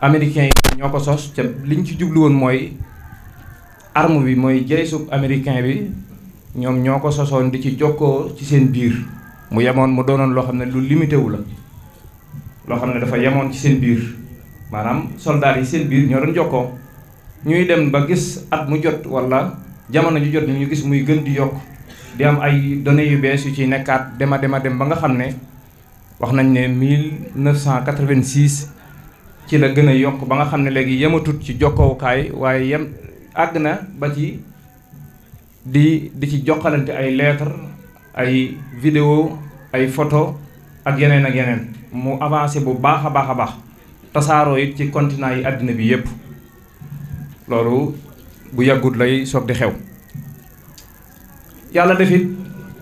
américains yi ñoo ko sos te liñ ci jublu woon mooy arme bi mooy jaysub américain bi ñoom ñoo ko sosoon di ci jokkoo ci seen biir mu yemoon mu doonoon loo xam ne lu limité wu la loo xam ne dafa yemoon ci seen biir maanaam soldats yi seen biir ñoo doon jokkoo ñuy dem ba gis at mu jot wala jamono ju jot ñu gis muy gën di yokk di am ay données yu bees yu ci nekkaat dema dema dem ba nga xam ne wax nañ ne 1986 ci la gën a yokk ba nga xam ne léegi yematut ci jokkowukaay waaye yem àgg na ba ci di di ci jokkalante ay lettre ay vidéo ay photo ak yeneen ak yeneen mu avancé bu baax a baax a baax tasaaroo it ci continent yi àddina bi yépp loolu bu yàggut lay soog di xew yàlla def it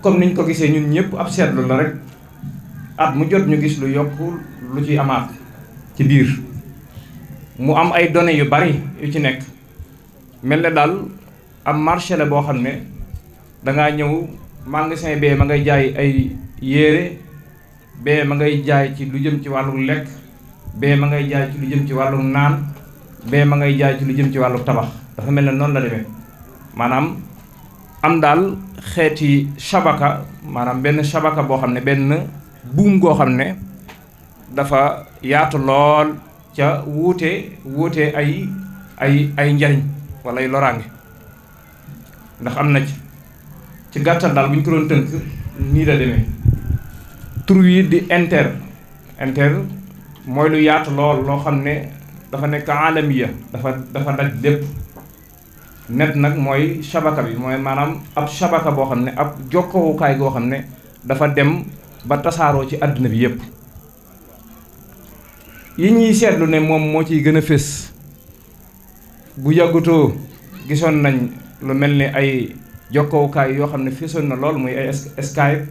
comme niñ ko gisee ñun ñëpp ab seetlu la rek at mu jot ñu gis lu yokk lu ci amaat ci biir mu am ay données yu bari yu ci nekk mel na daal am marché la boo xam ne dangaa ñëw magasin bee ma ngay jaay ay yére bee ngay jaay ci lu jëm ci wàllu lekk bee ma ngay jaay ci lu jëm ci wàllu naan bee ma ngay jaay ci lu jëm ci wàllu tabax dafa mel ne noonu la demee maanaam am daal xeeti shabaka maanaam benn shabaka boo xam ne benn buum goo xam ne dafa yaatu lool ca wuute wuute ay ay ay njariñ walla ay loraange ndax am na ci ci gàttal daal bu ñu ko doon tënk nii la demee tur di inter inter mooy lu yaatu lool loo xam ne dafa nekk alamiya dafa dafa daj lépp net nag mooy shabaka bi mooy maanaam ab shabaka boo xam ne ab jokkowukaay goo xam ne dafa dem ba tasaaroo ci àdduna bi yépp yi ñuy seetlu ne moom moo ciy gën a fés bu yàggutoo gisoon nañ lu mel ni ay jokkowukaay yoo xam ne fésoon na loolu muy ay Skype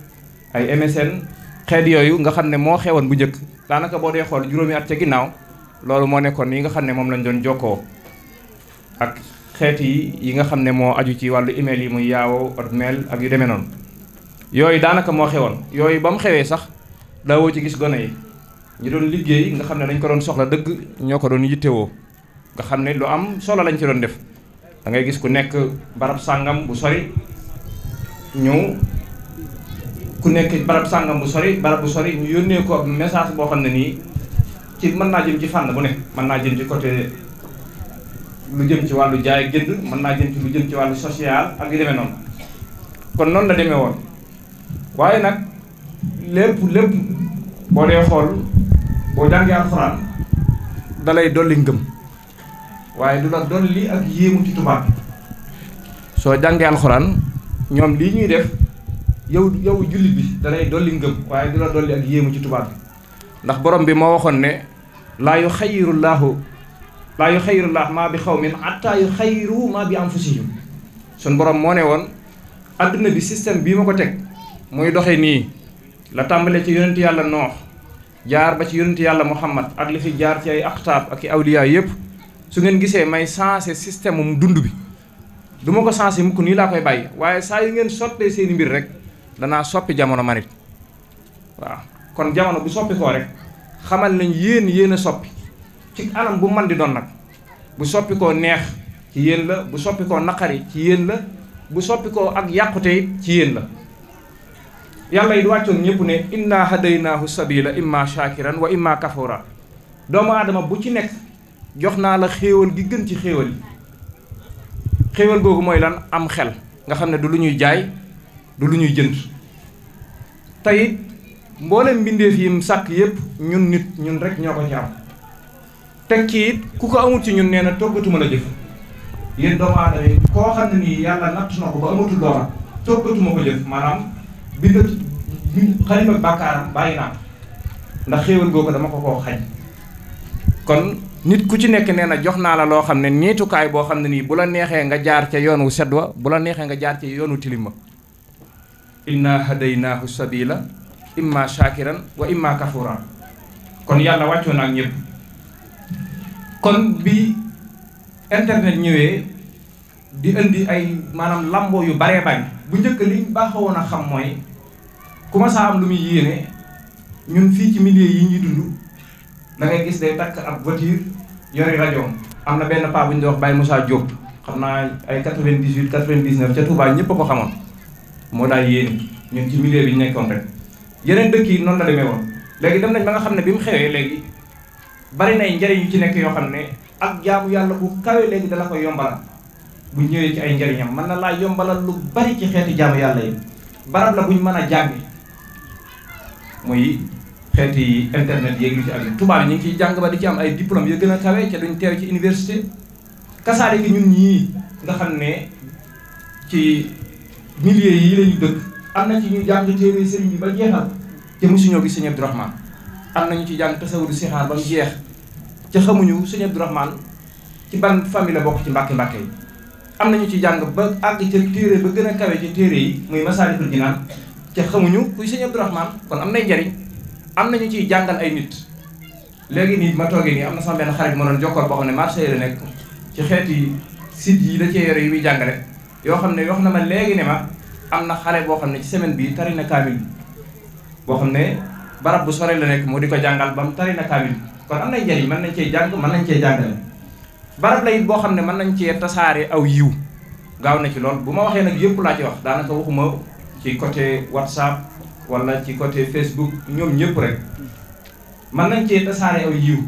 ay MSN xeet yooyu nga xam ne moo xewoon bu njëkk daanaka boo dee xool juróomi at ca ginnaaw loolu moo nekkoon yi nga xam ne moom lañ doon jokkoo ak xeet yi yi nga xam ne moo aju ci wàllu email yi muy yaawo Hotmail ak yu demee noonu yooyu daanaka moo xewoon yooyu ba mu xewee sax daawoo ci gis gone yi ñu doon liggéey nga xam ne dañ ko doon soxla dëgg ñoo ko doon yittewoo nga xam ne lu am solo lañ ci doon def da ngay gis ku nekk barab sàngam bu sori ñu ku nekk barab sàngam bu sori barab bu sori ñu yónnee ko message boo xam ne nii ci mën naa jëm ci fànn bu ne mën naa jëm ci côté lu jëm ci wàllu jaay génd mën naa jëm ci lu jëm ci wàllu social ak yu demee noonu kon noonu la demee woon waaye nag lépp lépp boo xool boo jàngee alxuraan da dolli ngëm waaye du la dolli ak yéemu ci tubaab bi soo jàngee alxuraan ñoom lii ñuy def yow yow jullit bi dalay lay dolli ngëm waaye du la dolli ak yéemu ci tubaab bi ndax borom bi moo waxoon ne laa yu xayirullaahu laa yu xayirullaah maa bi xaw min attaa yu xayiru maa bi anfusihim suñ borom moo ne woon àdduna bi système bii ma ko teg muy doxee nii la tàmbalee ci yonent yàlla noox jaar ba ci yoonut yàlla muhammad ak li fi jaar ci ay aqtaab ak i awliya yëpp su ngeen gisee may sensé système mu dund bi du ma ko sensé mukk nii laa koy bàyyi waaye saa yu ngeen sottee seeni mbir rek danaa soppi jamono manit waaw kon jamono bu soppi koo rek xamal nañ yéen yéen a soppi ci anam bu man di doon nag bu soppi koo neex ci yéen la bu soppi koo naqari ci yéen la bu soppi koo ak yàqute it ci yéen la yàlla yi du wàccoon ñëpp ne inna hadaynaahu sabila imma shakiran wa imma kafura doomu aadama bu ci nekk jox naa la xéewal gi gën ci xéewal yi xéewal googu mooy lan am xel nga xam ne du lu ñuy jaay du lu ñuy jënd teyit mboolem mbindeef yi mu sàkk yépp ñun nit ñun rek ñoo ko ci am teg ci it ku ko amut ci ñun nee na toggatuma la jëf yéen doomu aadama yi koo xam ne nii yàlla natt na ko ba amatul doomam toggatuma ko jëf maanaam bind bind xalima bàkkaaram bàyyi naa ndax xéewal googu dama ko koo xañ kon nit ku ci nekk nee na jox naa la loo xam ne ñeetukaay boo xam ne nii bu la neexee nga jaar ca yoon wu sedd wa bu la neexee nga jaar ca yoonu tilima inna hadaynaahu sabila imma shakiran wa imma kafuran kon yàlla wàccoo na ak ñëpp kon bi internet ñëwee di indi ay maanaam lambo yu baree bañ bu njëkk liñ baaxawoon a xam mooy ku ma saa am lu muy yéene ñun fii ci milieu yi ñuy dund da ngay gis day takk ab voiture yori rajoom am na benn paa bu ñu doon wax Baye Moussa xam naa ay 98 99 ca Touba ñëpp a ko xamoon moo daal yéene ñun ci milieu bi ñu nekkoon rek yeneen dëkk yi noonu la demee woon léegi dem nañ ba nga xam ne bi mu xewee léegi bari nay njëriñ yu ci nekk yoo xam ne ak jaamu yàlla bu kawe léegi dala koy yombalal bu ñëwee ci ay njëriñam mën na laa yombalal lu bari ci xeeti jaamu yàlla muy yi internet yeeg lu ci aju tubaab ñu ngi jàng ba di ci am ay diplôme yu gën a kawe ca duñ teew ci université kasaare gi ñun ñii nga xam ne ci milieu yi lañu dëkk am na ci ñu jàng téere sëriñ bi ba jeexal te mosuñoo gis sëñ Abdourahmane am nañu ci jàng tasawudu sixaar ba mu jeex ca xamuñu sëñ Abdourahmane ci ban famille la bokk ci mbàkke mbàkke yi am nañu ci jàng ba àgg ca téere ba gën a kawe ci téere yi muy Masaalikul Jinaan te xamuñu kuy sëñ Abdourahmane kon am nay jariñ am na ñu ciy jàngal ay nit léegi nii ma toogee nii am na sama benn xarit ma doon jokkoor boo xam ne marché la nekk ci xeeti sit yi la cee yore yu muy jàngale yoo xam ne wax na ma léegi ne ma am na xale boo xam ne ci semaine bii tari na kaamil boo xam ne barab bu sore la nekk moo di ko jàngal ba mu tari na kaamil kon am nay njariñ mën nañ cee jàng mën nañ cee jàngale barab la it boo xam ne mën nañ cee tasaare aw yiw gaaw na ci lool bu ma waxee nag yëpp laa ci wax daanaka waxuma ci côté whatsapp wala ci côté facebook ñoom ñëpp rek mën nañ cee tasaare aw yiw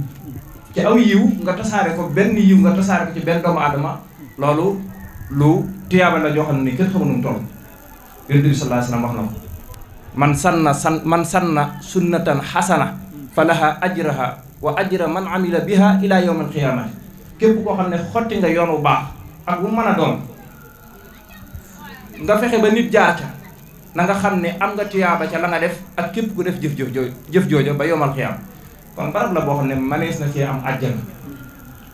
ci aw yiw nga tasaare ko benn yiw nga tasaare ko ci benn doomu aadama loolu lu tiyaaba na joo xam ne kenn xamuñu toll yonent bi sallallahu alayhi na ko man sanna san man sanna sunnatan xasana fa laha wa ajra man amila biha ila yawm alqiyamati képp koo xam ne xotti nga yoon wu baax ak bu mën a doon nga fexe ba nit jaar ca nanga xam ne am nga tuyaaba ca la nga def ak képp ku def jëf jëf jooju jëf jooju ba yomal xiyaam kon barab la boo xam ne manees na cee am àjjana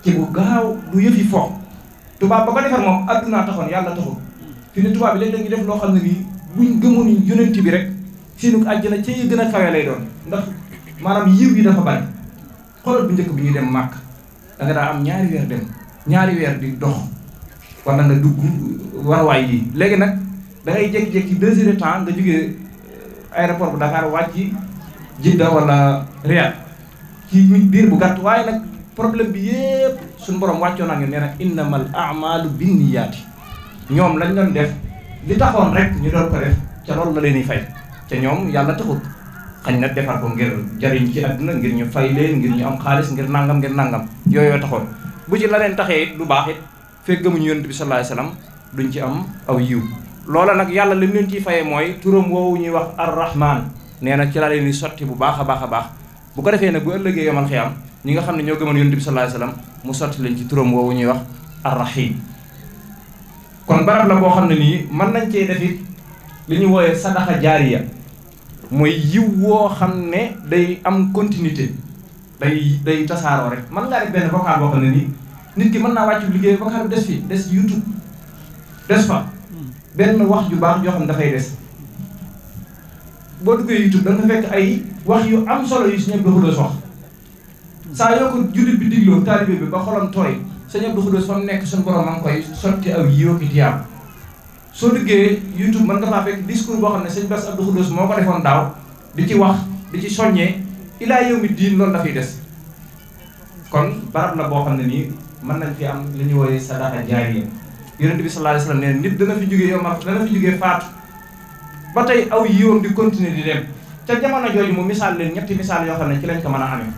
ci bu gaaw du yëfi fo tubaab ba ko defar moom addunaa taxoon yàlla taxul fi ne tubaab bi léeg-léeg def loo xam ne nii buñ gëmoon yonent bi rek seenu àjjana ca yi gën a kawe lay doon ndax maanaam yiw yi dafa bari xoolal bu njëkk bi ñuy dem màkk daa am ñaari weer dem ñaari weer di dox war nga dugg warwaay yi léegi nag da ngay jékki-jékki deux heures de temps nga jógee euh, aéroport bu Dakar wàcc da wala Riyad ci biir bu gàtt waaye nag problème bi yépp suñu borom wàccoon na ngeen nee nag innamal a'malu binniyaati ñoom lañ doon def li taxoon rek ñu doon ko def ca loolu la leen di fay ca ñoom yàlla taxut xañ na defar ko ngir jariñ ci àdduna ngir ñu fay leen ngir ñu am xaalis ngir nàngam ngir nangam yooyoo taxoon bu ci la leen taxee du baax it fekk gëmuñu yonent bi sallallahu alayhi ci am aw yiw loola nag yàlla li leen ciy fayee mooy turam woowu ñuy wax arrahman nee na ci la leen di sotti bu baax a baax a baax bu ko defee nag bu ëllëgee yomal am ñi nga xam ne ñoo gëmoon yonent bi sallallahu alayhi wasallam mu sotti leen ci turam woowu ñuy wax arrahim kon barab la boo xam ne nii mën nañ cee def li ñuy ñu sa sadaxa jaariya mooy yiw woo xam ne day am continuité day day tasaaroo rek mën ngaa def benn vocal boo xam ne nii nit ki mën naa wàccu liggéey vocal des fi des YouTube des fa benn wax ju baax yoo xam ne dafay des boo duggee YouTube da nga fekk ay wax yu am solo yu Sëñ Abdou Khoudoss wax saa yoo ko jullit bi digloo taalibe bi ba xoloon tooy Sëñ Abdou Khoudoss fa mu nekk suñu borom a ngi koy sotti aw yiw ki tiyaab soo duggee YouTube mën nga faa fekk discours boo xam ne Sëñ Bass Abdou Khoudoss moo ko defoon daaw di ci wax di ci soññee ilaa yawmi diin loolu dafay des kon barab la boo xam ne nii mën nañ fi am li ñu wooyee sadaqa jaariya yonent bi sallallahu alayhi wa sallam ne nit dana fi jógee yomal dana fi jógee faatu ba tey aw yiwam di continuer di dem ca jamono jooju mu misaal leen ñetti misaal yoo xam ne ci lañ ko mën a amee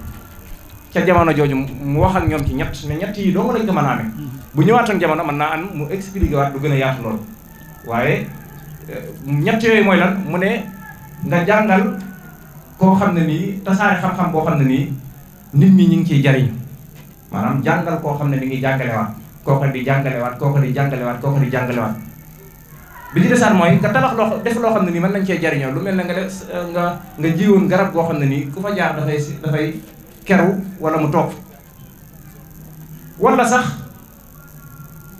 ca jamono jooju mu wax ak ñoom ci ñett ne ñett yi dong lañ ko mën a amee bu ñëwaatoon jamono mën naa am mu expliqué waat du gën a yaatu loolu waaye eh, ñett yooyu mooy lan mu ne nga jàngal koo xam ne nii tasaare xam-xam boo xam ne nii nit ñi ñu ngi ciy jariñ maanaam jàngal koo xam ne mi ngi jàngale waat kooka di jàngalewaat kooka di jàngalewaat kooka di jàngalewaat bi ci desaat mooy nga tabax loo def loo xam ne nii man nañ cee jariñoo lu mel ne nga def euh, nga nga jiwoon garab goo xam ne nii ku fa jaar dafay dafay keru wala mu toog wala sax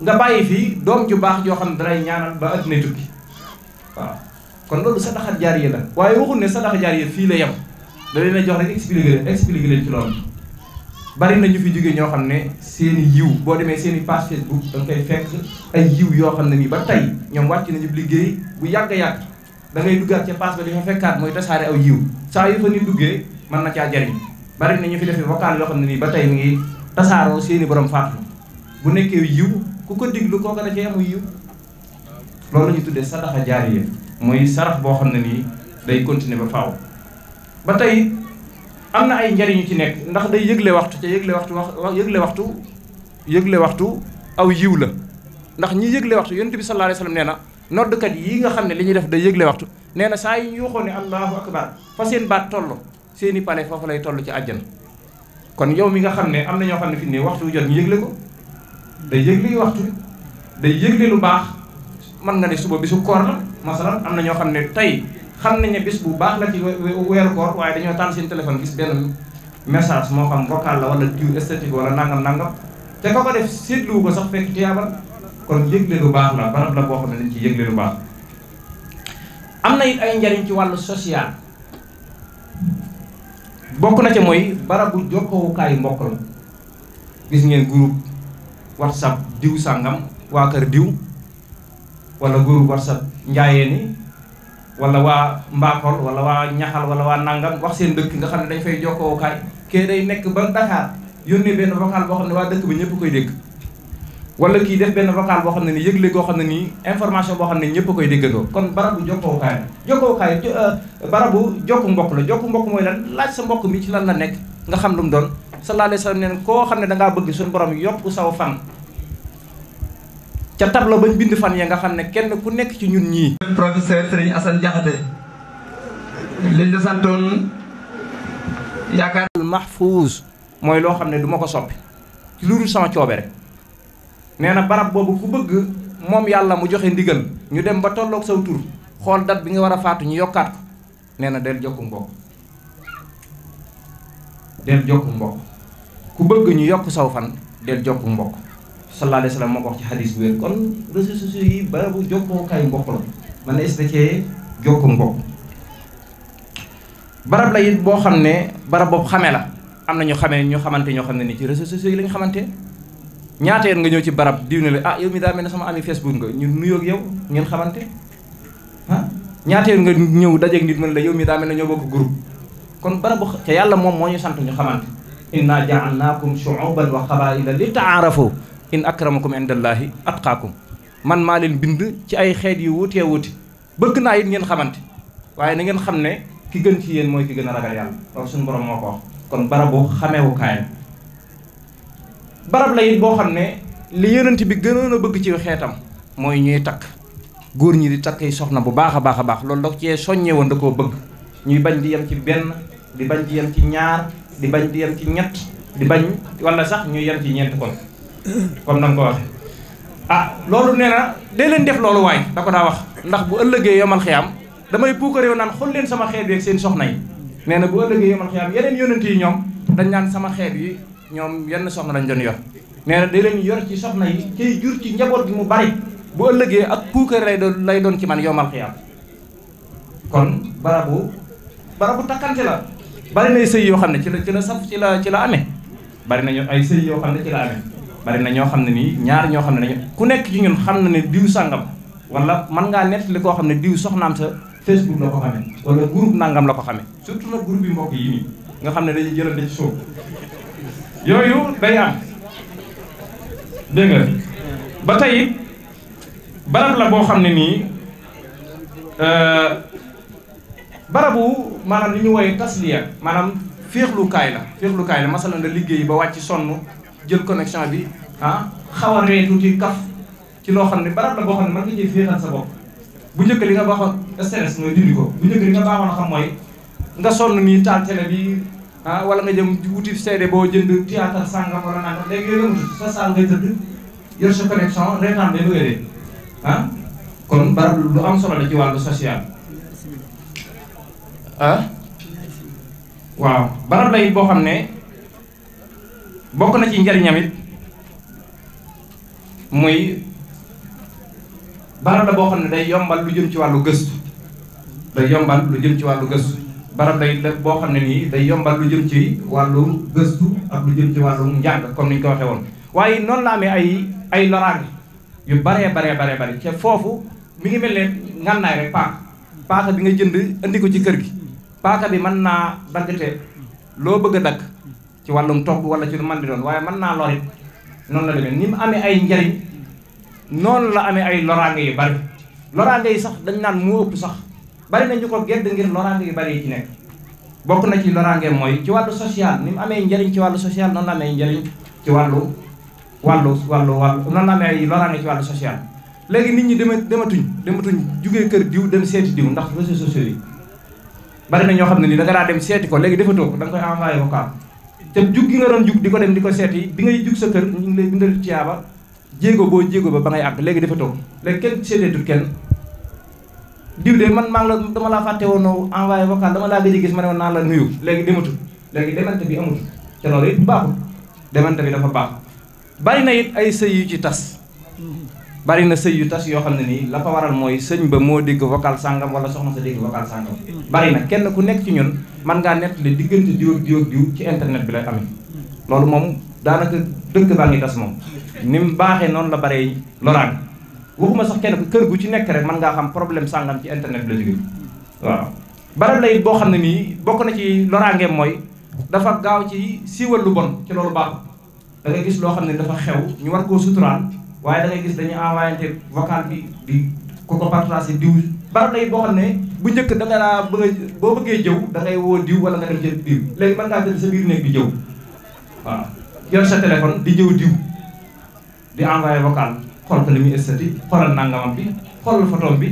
nga bàyyi fii doom ju baax joo xam ne dalay ñaanal ba adduna tukki waaw kon loolu jaar yi la waaye waxul ne sa jaar jaariya fii la yem da leen jox rek expliqué leen expliqué leen ci loolu bari na ñu fi jóge ñoo xam ne seen i yiw boo demee seeni i page Facebook da fekk ay yiw yoo xam ne nii ba tey ñoom wàcc nañu liggéey bu yàgg a yàgg da ngay duggaat ca page ba di fa fekkaat mooy tasaare aw yiw saa yu fa ni duggee mën na caa jariñ bari na ñu fi defee vocal yoo xam ne nii ba tey mi ngi tasaaroo seeni i borom faatu bu nekkee yiw ku ko diglu kooka da cee amu yiw loolu la ñu tuddee sadaxa jaariya mooy sarax boo xam ne nii day continuer ba faaw am na ay njariñ yu ci nekk ndax day yëgle waxtu ca yëgle waxtu wax yëgle waxtu yëgle waxtu aw yiw la ndax ñi yëgle waxtu yonent bi sallallahu alayhi wasallam nee na noddkat yi nga xam ne li ñuy def day yëgle waxtu nee na saa yi ñu yuuxoo ne allahu akbar fa seen baat toll seeni pale foofu lay toll ci àjjana kon yow mi nga xam ne am na ñoo xam ne fi ne waxtu jot ñu yëgle ko day yëgle waxtu day yëgle lu baax mën nga ne suba bisu koor la masalan am na ñoo xam ne tey xam nañ ne bés bu baax la ci weeru koor waaye dañoo tànn seen téléphone gis benn message moo xam vocal la wala diw esthétique wala nangam nangam te ko ko def seetlu ko sax fekk tiyaabal kon yëgle lu baax la barab la boo xam ne dañ ci yëgle lu baax am na it ay njariñ ci wàll social bokk na ca mooy barabu jokkoowukaayu mbokk la gis ngeen groupe whatsapp diw sàngam waa kër diw wala groupe whatsapp njaayeen ni wala waa Mbakol wala waa ñaxal wala waa nangam wax seen dëkk nga xam ne dañ fay jokkookaay kee day nekk ba Dakar yónnee benn vocal boo xam ne waa dëkk bi ñëpp koy dégg wala kii def benn vocal boo xam ne nii yëgle goo xam ne nii information boo xam ne ñëpp koy déggandoo kon barabu jokkookaay jokkookaay euh, barabu jokku mbokk la jokku mbokk mooy lan laaj sa mbokk mi ci lan la nekk nga xam lu mu doon sallallahu alayhi wa sallam neen koo xam ne dangaa bëgg suñu borom yokk saw fan ca tableau bañ bind fan ya nga xam ne kenn ku nekk ci ñun ñii. professeur Serigne Assane Diakhaté liñ la santoon yaakaar. mahfouz mooy loo xam ne duma ko soppi ci lu dul sama coobe rek nee na barab boobu ku bëgg moom yàlla mu joxe ndigal ñu dem ba tolloog saw tur xool dat bi nga war a faatu ñu yokkaat nee na del jokku mbokk del jokku mbokk ku bëgg ñu yokk saw fan del jokku mbokk. sallallahu alayhi wa sallam moo ko wax ci xadis bu wér kon réseaux sociaux yi barabu jokkookaay mbokk la man na spécié jokku mbokk barab la it boo xam ne barab boobu xamee la am na ñu xamee ñu xamante ñoo xam ne nii ci réseaux sociaux yi la ñu xamante ñaata yoon nga ñëw ci barab diw la ah yow mel ne sama ami Facebook nga ñu nuyoog yow ngeen xamante ah ñaata yoon nga ñëw dajeeg nit mën la yow mi daa mel ne ñoo bokk groupe kon barab bu ca yàlla moom moo ñu sant ñu xamante inna ja'alnaakum shu'uban wa qabaa'ila li ta'aarafu in akramakum at atqaakum man maa leen bind ci ay xeet yu wutee wuti bëgg naa it ngeen xamante waaye na ngeen xam ne ki gën ci yéen mooy ki gën a ragal yàlla loolu suñu borom moo ko wax kon barabu xameewukaayam barab la it boo xam ne li yonent bi gënoon bëgg ci xeetam mooy ñuy takk góor ñi di takk soxna bu baax a baax a baax loolu da cee soññee woon da koo bëgg ñuy bañ di yem ci benn di bañ di yem ci ñaar di bañ di yem ci ñett di bañ wala sax ñuy yem ci ñeent kon comme na nga ko waxee ah loolu nee na dee leen def loolu waay da ko daa wax ndax bu ëllëgee yomal xiyaam damay puukaréew naan xool leen sama xeet yeeg seen soxna yi nee na bu ëllëgee yomal xiyaam yeneen yonent yi ñoom dañ naan sama xeet yi ñoom yenn soxna lañ doon yor nee na dee leen yor ci soxna yi cay jur ci njaboot gi mu bari bu ëllëgee ak puukar lay doon lay doon ci man yomal xiyaam kon barabu barabu takkante la bari nay sëy yoo xam ne ci la ci la saf ci la ci la amee bari nañu ay sëy yoo xam bari na ñoo xam ne nii ñaar ñoo xam ne dañu ku nekk ci ñun xam na ne diw sàngam wala man ngaa nettali koo xam ne diw soxnaam sa Facebook la ko xamee wala groupe nangam la ko xamee surtout nag groupe yi mbokk nii nga xam ne dañuy jëlante ci suuf yooyu day am dégg nga ba tey barab la boo xam ne nii euh, barabu maanaam li ñu woowee tasliya maanaam féexlukaay la féexlukaay la masalan la liggéey ba wàcc sonn jël connexion bi ah xaw a ree tuuti kaf ci loo xam ne barab la boo xam ne mën nga jël féexal sa bu njëkk li nga baaxoon stress mooy dindi ko bu njëkk li nga baaxoon xam mooy nga sonn nii taal bi ah wala nga jëm wuti seede boo jënd théâtre sàngam wala nangam léegi yooyu nga sa saal ngay tëdd yor sa connexion reetaan ba bëgg a ah kon barab lu am solo la ci wàllu social ah waaw barab la boo xam ne. bokk na ci njariñam it muy barab la boo xam ne day yombal lu jëm ci wàllu gëstu day yombal lu jëm ci wàllu gëstu barab lay boo xam ne nii day yombal lu jëm ci wàllu gëstu ak lu jëm ci wàllu njàng ko ni ñu ko waxee woon waaye noonu la amee ay ay loraange yu baree baree baree bare ca foofu mu ngi mel ne ngànnaay rek paaka paaka bi nga jënd andi ko ci kër gi paaka bi mën naa daggate loo bëgg a dagg ci wàllum togg wala ci lu man di doon waaye man naa lorit noonu la demee ni mu amee ay njariñ noonu la amee ay loraange yu bari loraange yi sax dañ naan mu ëpp sax bari nañu ko gedd ngir loraange yi bari yi ci nekk bokk na ci loraange mooy ci wàllu social ni mu amee njariñ ci wàllu social noonu la amee njariñ ci wàllu wàllu wàllu wàllu noonu la amee ay loraange ci wàllu social léegi nit ñi dema dematuñ dematuñ jugee kër diw dem seeti diw ndax réseaux sociaux na ñoo xam ne nii da nga daa dem ko léegi defatoo ko da nga koy te jug gi nga doon jug di ko dem di ko seeti bi ngay jug sa kër ñu ngi lay bindal tiyaaba jéego boo jéego ba ba ngay àgg léegi dafa toog léegi kenn seeteetul kenn diw de man maa ngi la dama laa fàtte woon envoyé vocal dama laa gëj gis ma ne woon naa la nuyu léegi dematul léegi demante bi amatul te loolu it baaxul demante bi dafa baax bari na it ay sëy yu ci tas bari na sëy yu tas yoo xam ne nii la ko waral mooy sëñ ba moo dégg vocal sàngam wala soxna sa dégg vocal sàngam bari na kenn ku nekk ci ñun man ngaa nettali diggante diw ak diw ci internet bi lay amee loolu moom daanaka dëkk baa ngi tas moom ni mu baaxee noonu la bare loraan waxuma sax kenn ku kër gu ci nekk rek mën ngaa xam problème sàngam ci internet bi la jóge waaw barab lay boo xam ne nii bokk na ci loraangeem mooy dafa gaaw ci siiwal lu bon ci loolu baaxul da loo xam ne dafa xew ñu war koo suturaan waaye da gis dañu envoyé vocal bi di ko ko partagé diw barab lay boo xam ne bu njëkk da nga bëgg boo bëggee jëw da ngay woo diw wala nga dem jël diw léegi mën ngaa jël sa biir néeg di jëw waaw yor sa téléphone di jëw diw di envoyé vocal xool ko li muy estati xoolal nangamam bi xoolal photom bi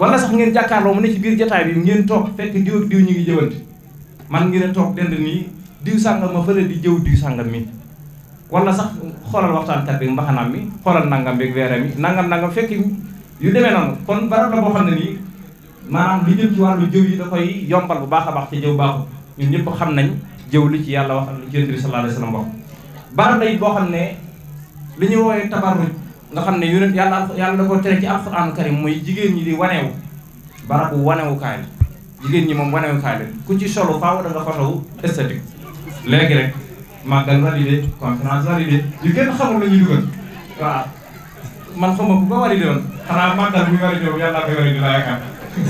wala sax ngeen jàkkaarloo mu ne ci biir jotaay bi ngeen toog fekk diw diw ñu ngi jëwante man ngeen toog dend nii diw sàngam ma fële di jëw diw sàngam mi xoolal waxtaankat bi mbaxanaam mi xoolal nangam beeg weeram mi nangam nangam fekk yu demee noonu kon barab la boo xam ne nii maanaam lu jëm ci wàllu jëw yi da koy yombal bu baax a baax ci jëw baaxu ñun ñëpp xam nañ jëw li ci yàlla wax ak li ci yonent bi sallallahu alayhi wasallam wax barab la boo xam ne li ñu woowee tabarruj nga xam ne yonent yàlla yàlla da koo tere ci alxuraan karim mooy jigéen ñi di waneewu barabu wanewukaay jigéen ñi moom wanewukaay la ku ci solo faaw da nga fotowu esthétique màggal validé conférence validé yu kenn xamul la ñuy waaw man xaw ma bu ko validé woon xanaa màggal bu ñu validé woon yàlla naa koy validé laa yaakaar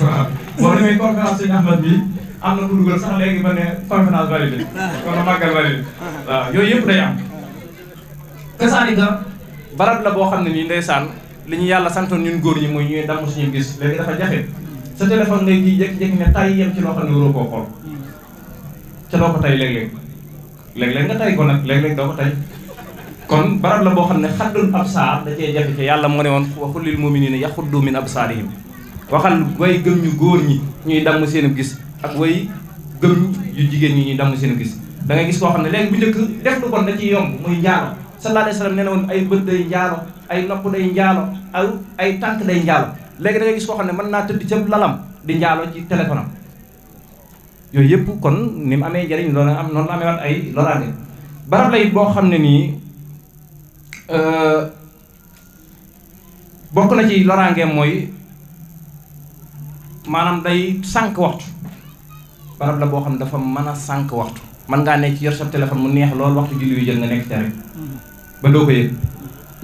waaw boo demee conférence suñu Ahmad bi am na ku dugal sax léegi ba ne conférence validé kon màggal validé waaw yooyu yëpp day am kasaalika barab la boo xam ne nii ndeysaan li ñu yàlla santoon ñun góor ñi muy ñuy damm suñu gis léegi dafa jafe sa téléphone ngay kii jékki ne tay yem ci loo xam ne waroo léeg-léeg nga tay ko nag léeg-léeg doo ko tay kon barab la boo xam ne xaddul ab saar da cee jafe ci yàlla moo ne woon waxul lil muminina yaxuddu min absaarihim waxal way gëm ñu góor ñi ñuy damm seen gis ak way gëm yu jigéen ñi ñuy damm seen gis da ngay gis koo xam ne léegi bu njëkk def lu kon da ciy yomb muy njaalo sallallahu alayhi wasallam na woon ay bët day njaalo ay nopp day njaalo ay ay tànk day njaalo léegi da ngay gis koo xam ne mën naa tëdd ca lalam di njaalo ci téléphone yooyu yëpp kon ni mu amee jariñ loolu am noonu la amee waat ay loraange barab lay boo xam ne nii euh, bokk na ci loraangeem mooy maanaam day sànq waxtu barab la boo xam ne dafa mën a sànq waxtu mën ngaa nekk ci sa téléphone mu neex loolu waxtu julli yu jël mm-hmm.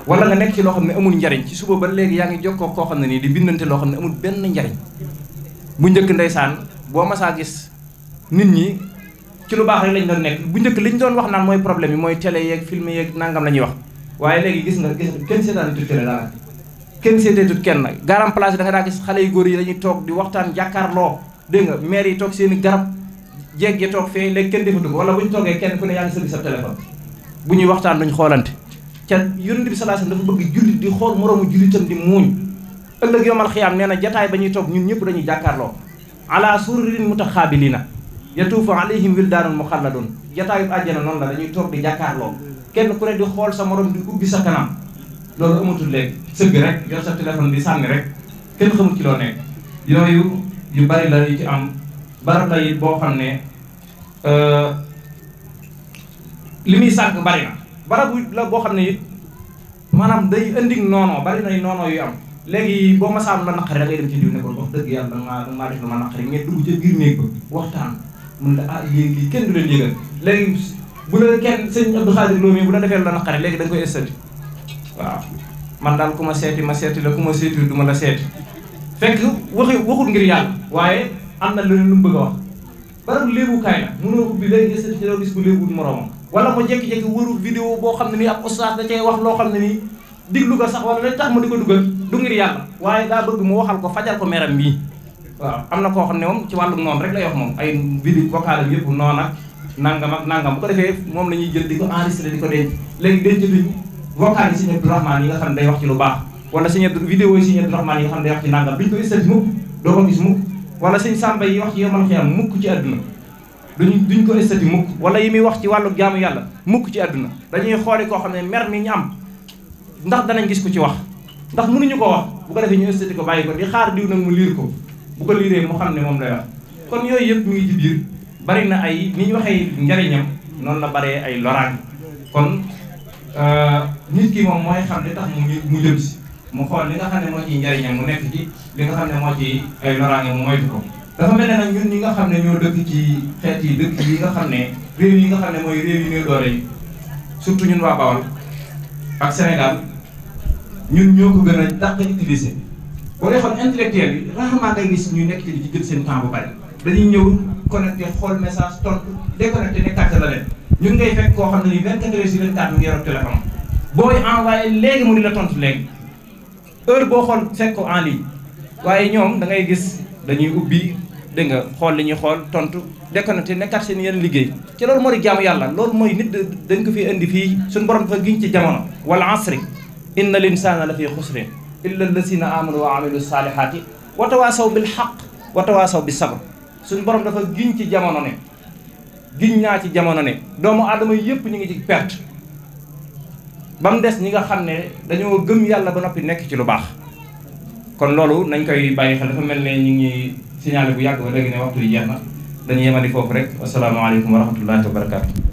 nga nekk ci loo xam ne amul njariñ ci suba ba léegi yaa ngi jokkoo koo xam ne nii di bindante loo xam ne amul benn njariñ bu njëkk ndeysaan boo masaa gis nit ñi ci lu baax rek lañ doon nekk bu njëkk li ñu doon wax naan mooy problème yi mooy tele yeeg film yeeg nangam la ñuy wax waaye léegi gis nga gis nga kenn seetaanatut télé daanaka kenn seetaanatut kenn garam place da gis xale yu góor yi dañuy toog di waxtaan jàkkaarloo dégg maire yi toog seen i garab jeeg ya toog fee léegi kenn defatu ko wala bu ñu toogee kenn ku ne yaa ngi sëgg sa téléphone bu ñuy waxtaan lañu xoolante ca yonent bi sallallahu alayhi wasallam dafa bëgg jullit di xool moroomu jullitam di muuñ ëllëg yomal xiyaam nee na jataay ba ñuy toog ñun ñëpp dañuy jàkkaarloo ala sururin mutaxaabilina yatuufu alayhim wildaanun muxalladun jataayub àjjana noonu la dañuy toog di jàkkaarloo kenn ku ne di xool sa morom di ubbi sa kanam loolu amatul léegi sëgg rek yor sa téléphone bi sànni rek kenn xamul ci nekk yooyu yu bari la yu ci am barab la boo xam ne euh, li muy sànq bari na barab la boo xam ne it maanaam day indi noonoo bari nay noonoo yu am léegi boo ma sàmm la naqari da ngay dem ci diw ko wax dëgg yàlla da nga def lu ma naqari mais mun la ah yéen lii kenn du leen yëgal léegi bu la kenn sëñ Abdou Khadir Lo mii bu la defee lu la naqare léegi da nga koy ëstati waaw man daal ku ma seeti ma seeti la ku ma seeti du ma la seeti fekk waxi waxul ngir yàlla waaye am na leneen lu mu bëgg a wax barab léegukaay la mënoo ubbi léegi ëstati ci doo gis bu léegul moroomam wala ma jékki-jékki wëru vidéo boo xam ne nii ab ustaas da cay wax loo xam ne nii diglu ko sax wala la tax ma di ko dugal du ngir yàlla waaye daa bëgg mu waxal ko fajal ko meram bii waaw am na koo xam ne moom ci wàllum noonu rek lay wax moom ay vidéo vocal yëpp noonu ak nangam ak nangam bu ko defee moom la ñuy jël di ko enregistré di ko denc léegi denc duñ vocal day wax ci lu baax wala Serigne Abdou vidéo yi Serigne Abdou xam ne day wax ci nangam duñ ko istat mukk doo ko gis wala Serigne Samba yi wax ci yomal xiyam mukk ci àdduna duñ ko istati mukk wala yi muy wax ci wàllu jaamu yàlla mukk ci àdduna dañuy xooli koo xam ne mer mi ñu am ndax danañ gis ko ci wax ndax mënuñu ko wax bu ko defee ñu istati ko bàyyi ko di xaar diw nag mu liir ko bu ko liiree mu xam ne moom lay kon yooyu yëpp mi ngi ci biir bari na ay ni ñu waxee njariñam noonu la baree ay loraan kon euh, nit kii moom mooy xam ne tax mu jëm si mu xool li nga xam ne moo ciy njariñam mu nekk ci li nga xam ne moo ci ay loraange mu moytu ko dafa mel ne nag ñi nga xam ne ñoo dëkk ci xeet yi dëkk yi nga xam ne réew yi nga xam ne mooy réew yi néew doole yi surtout ñun waa Bawol ak Sénégal ñun ñoo ko gën a dàq utiliser boo dee xool intellectuel yi rarement ngay gis ñuy nekk ci di jël seen temps bu bari dañuy ñëw connecté xool message tontu déconnecté nekkaat la leen koo xam ne nii 24 heures sur 24 mu ngi yor envoyé léegi mu di la tontu boo xool fekk en ligne waaye ñoom da ngay gis dañuy ubbi dégg nga xool li ñuy xool tontu déconnecté nekkaat seen yeneen liggéey ci loolu moo di yàlla loolu mooy nit dañ ko fi indi fii suñu borom fa giñ ci jamono wala asri inna l insana la fi xusrin illa lazina amanu wa amilu saalihaati wa tawaasaw bil xaq wa tawaasaw bi sabr suñu borom dafa giñ ci jamono ne giñ naa ci jamono ne doomu aadama yëpp ñu ngi ci perte ba mu des ñi nga xam ne dañoo gëm yàlla ba noppi nekk ci lu baax kon loolu nañ koy bàyyi xel dafa mel ne ñu ngi signalé bu yàgg ba léegi ne waxtu yi jeex na dañu yemandi foofu rek asalaamaaleykum wa rahmatullahi wa barakaatu.